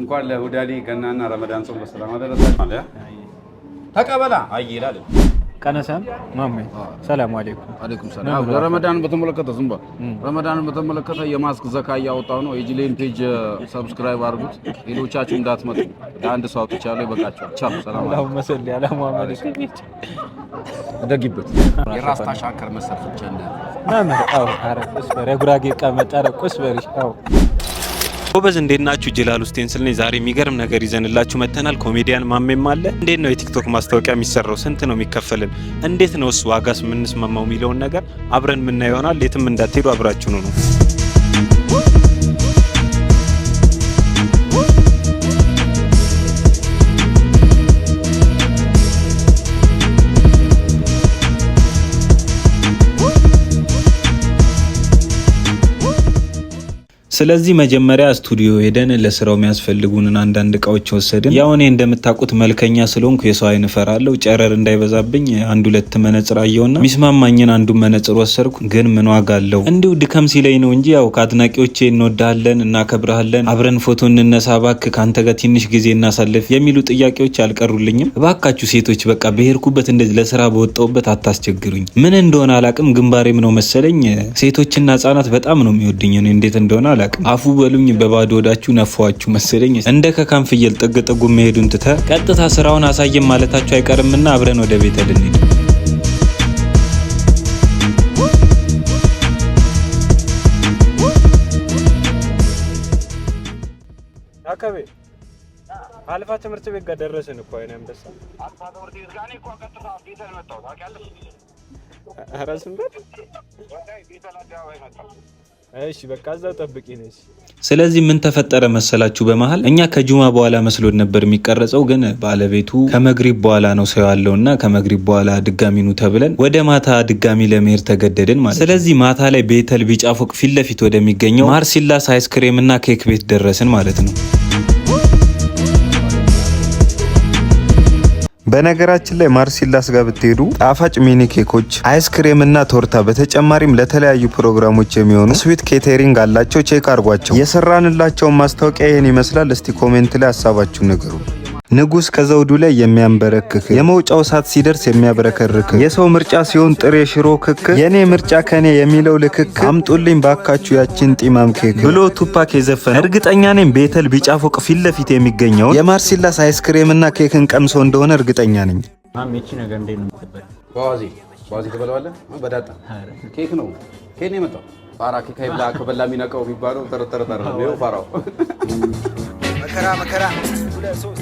እንኳን ለሁዳዴ ገናና ረመዳን ጾም በሰላም አደረሰን። ማለያ ተቀበላ አይላል ቀነሰን ማሜ ሰላም አለይኩም አለይኩም ሰላም። ለረመዳን በተመለከተ ዝም ብሎ ረመዳንን በተመለከተ የማስክ ዘካ እያወጣሁ ነው። የጅሌን ፔጅ ሰብስክራይብ አድርጉት። ሌሎቻችሁ እንዳትመጡ ለአንድ ሰው አውጥቻለሁ። ይበቃችኋል። ቻው ሰላም። አላሁመ መሰል ያለ ሙሐመድ ደግበት የራስ ታሻከር መሰል ፍጨና ማሜ አው አረ ቁስበር ጉራጌ ቀመጠረ ቁስበር አው ጎበዝ እንዴት ናችሁ? ጀላል ኡስቴንስል ነኝ። ዛሬ የሚገርም ነገር ይዘንላችሁ መጥተናል። ኮሜዲያን ማሜም አለ። እንዴት ነው የቲክቶክ ማስታወቂያ የሚሰራው? ስንት ነው የሚከፈልን? እንዴት ነው እሱ ዋጋስ መማው የሚለውን ነገር አብረን የምናየው ይሆናል። የትም እንዳትሄዱ አብራችሁ ነው ነው ስለዚህ መጀመሪያ ስቱዲዮ ሄደን ለስራው የሚያስፈልጉንን አንዳንድ እቃዎች ወሰድን። ያው እኔ እንደምታውቁት መልከኛ ስለሆንኩ የሰው አይን እፈራለሁ። ጨረር እንዳይበዛብኝ አንድ ሁለት መነጽር አየውና ሚስማማኝን አንዱን መነጽር ወሰድኩ። ግን ምን ዋጋ አለው እንዲሁ ድከም ሲለኝ ነው እንጂ ያው ከአድናቂዎቼ እንወዳለን፣ እናከብረሃለን፣ አብረን ፎቶ እንነሳ፣ ባክ ከአንተ ጋር ትንሽ ጊዜ እናሳልፍ የሚሉ ጥያቄዎች አልቀሩልኝም። እባካችሁ ሴቶች በቃ በሄድኩበት እንደዚህ ለስራ በወጣሁበት አታስቸግሩኝ። ምን እንደሆነ አላቅም፣ ግንባሬም ነው መሰለኝ። ሴቶችና ህጻናት በጣም ነው የሚወድኝ። እንዴት እንደሆነ አላ አላውቅም። አፉ በሉኝ በባዶ ወዳችሁ ነፏችሁ መሰለኝ። እንደ ከካም ፍየል ጥግ ጥጉ መሄዱን ትተ ቀጥታ ስራውን አሳየን ማለታችሁ አይቀርምና አብረን ወደ ቤተ ልንሄድ አካባቢ አልፋ ትምህርት ቤት ጋር ደረስን እኮ አይኔም ደስ አልፋ ቤት ጋር እኮ ቀጥታ ቤተ እሺ በቃ እዛው ጠብቂ ነሽ። ስለዚህ ምን ተፈጠረ መሰላችሁ? በመሀል እኛ ከጁማ በኋላ መስሎን ነበር የሚቀረጸው፣ ግን ባለቤቱ ከመግሪብ በኋላ ነው ሰው እና ከመግሪብ በኋላ ድጋሚ ኑ ተብለን ወደ ማታ ድጋሚ ለመሄድ ተገደድን ማለት። ስለዚህ ማታ ላይ ቤተል ቢጫ ፎቅ ፊት ለፊት ወደሚገኘው ማርሲላስ አይስክሬም እና ኬክ ቤት ደረስን ማለት ነው። በነገራችን ላይ ማርሲላስ ጋር ብትሄዱ ጣፋጭ ሚኒ ኬኮች፣ አይስክሬም እና ቶርታ በተጨማሪም ለተለያዩ ፕሮግራሞች የሚሆኑ ስዊት ኬተሪንግ አላቸው። ቼክ አርጓቸው። የሰራንላቸውን ማስታወቂያ ይህን ይመስላል። እስቲ ኮሜንት ላይ ሀሳባችሁ ነገሩ ንጉስ ከዘውዱ ላይ የሚያንበረክክ የመውጫው ሰዓት ሲደርስ የሚያብረከርክ የሰው ምርጫ ሲሆን ጥሬ ሽሮ ክክ የኔ ምርጫ ከኔ የሚለው ልክክ አምጡልኝ ባካችሁ ያችን ጢማም ኬክ ብሎ ቱፓክ የዘፈነ እርግጠኛ ነኝ ቤተል ቢጫ ፎቅ ፊት ለፊት የሚገኘውን የማርሲላስ እና ኬክን ቀምሶ እንደሆነ እርግጠኛ ነኝ። ኬክ ነው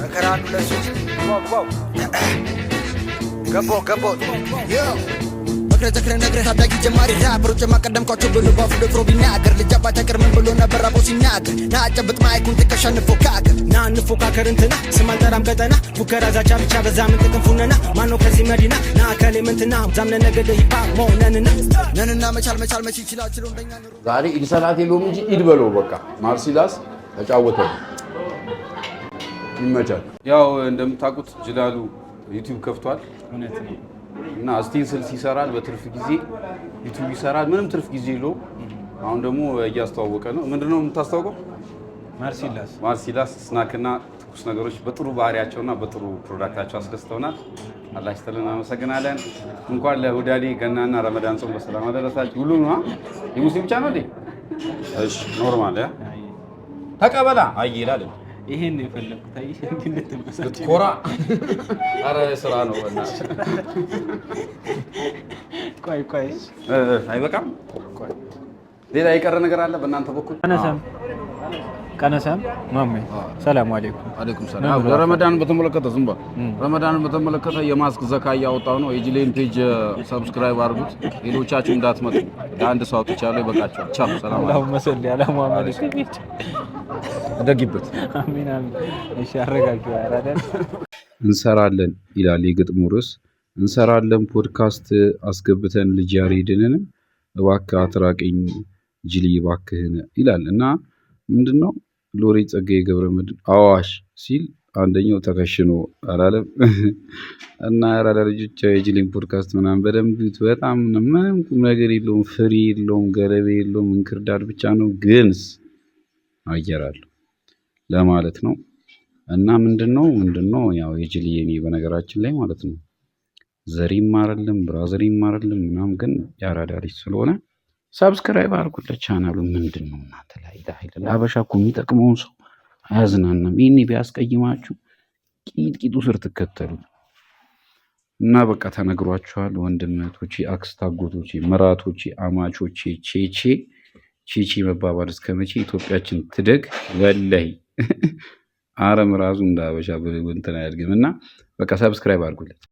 መከራ አንዱ ለሶስት ገቦ ገቦ እግረ ዘክረ ነግረ ታዳጊ ጀማሪ ራበሮች የማቀደምኳቸው ብሎ ባፉ ደፍሮ ቢናገር ልጅ አባት ያቅርምን ብሎ ነበር አብሮ ሲናገር ናጨብጥ ማይኩን ትከሻ እንፎካከር ና እንፎካከር እንትና ስም አንጠራም ቀጠና ፉከራ ዛቻ ብቻ በዛ ምን ጥቅም ፉነና ማነው ከዚህ መዲና ና አካሌ ምንትና ዛምነ ነገደ ሂፓ መሆነንና ነንና መቻል መቻል መች ይችላችሉ እንደኛ ዛሬ ኢድ የለውም እንጂ ኢድ በለው በቃ ማርሲላስ ተጫወተው ይመቻል። ያው እንደምታውቁት ጅላሉ ዩቲዩብ ከፍቷል እና ስቴንስልስ ይሰራል፣ በትርፍ ጊዜ ዩቲዩብ ይሰራል። ምንም ትርፍ ጊዜ የለውም። አሁን ደግሞ እያስተዋወቀ ነው። ምንድነው የምታስታውቀው? ማርሲላስ ማርሲላስ ስናክና ትኩስ ነገሮች በጥሩ ባህሪያቸውና በጥሩ ፕሮዳክታቸው አስደስተውናል። አላህ ይስጥልን፣ አመሰግናለን። እንኳን ለሁዳዴ ገናና ረመዳን ጾም በሰላም አደረሳችሁ። ሁሉ የሙስሊም ብቻ ነው። እሺ ኖርማል ተቀበላ አይላል ይሄን ነው የፈለኩት አይ እንድትመሰጥ ኮራ አረ ስራ ነው እና ቆይ ቆይ አይበቃም ሌላ የቀረ ነገር አለ በእናንተ በኩል አነሳም ቀነሰም ማሜ ሰላም አለይኩም። አለይኩም ሰላም። በተመለከተ ዝም በተመለከተ የማስክ ዘካ እያወጣሁ ነው። የጅሌን ፔጅ ሰብስክራይብ አድርጉት። ሌሎቻችሁ እንዳትመጡ ለአንድ ሰው አውጥቻለሁ። ይበቃችኋል። ቻው። ሰላም አለይኩም። ያለ ሙሐመድ ደግበት። እሺ፣ እንሰራለን ይላል የግጥሙ ርዕስ። እንሰራለን ፖድካስት አስገብተን ልጅ ያሬድንን እባክህ እባክህን ይላል እና ምንድን ነው ሎሪ ጸጋ ገብረ መድን አዋሽ ሲል አንደኛው ተከሽኖ አላለም እና ያራዳ ልጆች የጅሊን ፖድካስት ምናምን በደንብ ዩት በጣም ምንም ቁም ነገር የለውም፣ ፍሬ የለውም፣ ገለቤ የለውም፣ እንክርዳድ ብቻ ነው። ግንስ አየራለሁ ለማለት ነው። እና ምንድነው ነው ያው የጅሊ የኔ በነገራችን ላይ ማለት ነው ዘሪ አይደለም ብራዘሪ አይደለም ምናምን ግን ያራዳ ልጅ ስለሆነ ሰብስክራይብ አርጉለት ቻናሉ ምንድን ነው እናንተ ላይ ዳይል አበሻ እኮ የሚጠቅመውን ሰው አያዝናናም። ይህኔ ቢያስቀይማችሁ ቂጥቂጡ ስር ትከተሉት እና በቃ ተነግሯችኋል። ወንድምቶች አክስታጎቶች አጎቶቼ፣ አማቾች አማቾቼ ቼቼ ቼቼ መባባል እስከ መቼ ኢትዮጵያችን ትደግ? ወለይ አረም ራሱ አበሻ ብንትን አያድግም እና በቃ ሰብስክራይብ አርጉለት